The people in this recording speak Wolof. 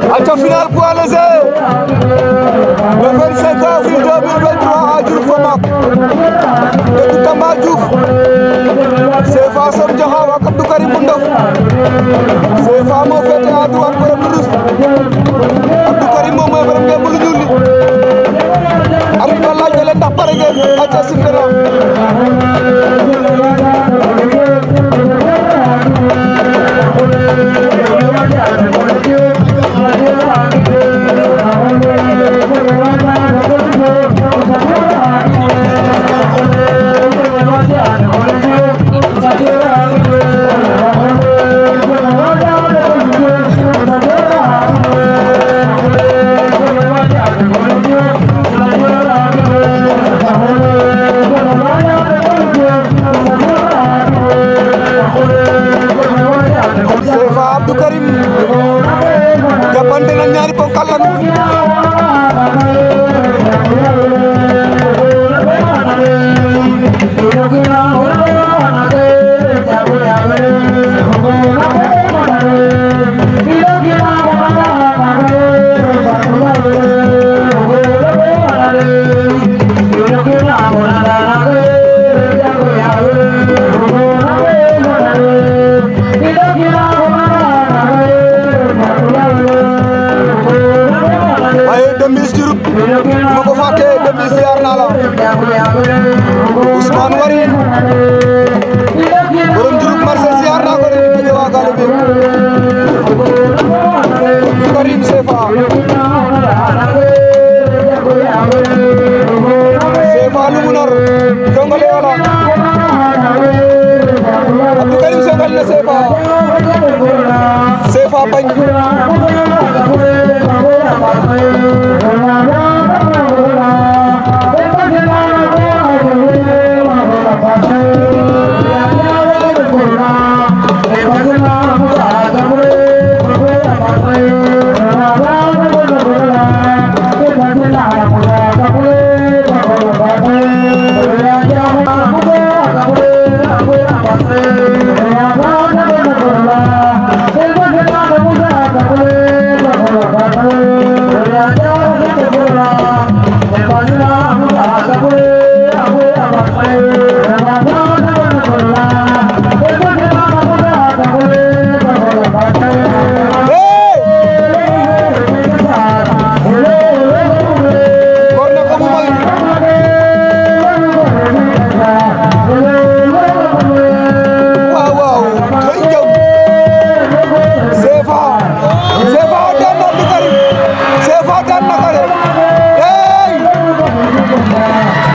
aca final poids léger le 25 avril 2023 à Diouf Famaak dëkk Tamba Diouf CFA Sow Diakhao ak Abdou Karim bu Ndof CFA moo féete à droite Abdou Karim jàppante na ñaari ponkal lañu Diouroup ma ko fàttee depuis ziar naa la Ousmane Wari borom Diouroup marché ziar naa ko rek di waa Gallou bi Abdou Karim Sefa Sefa lu mu nar jongale wala Abdou Karim songal na Sefa Sefa bañ ¡Vamos! a la ¡Vamos! ¡Vamos! a la amore,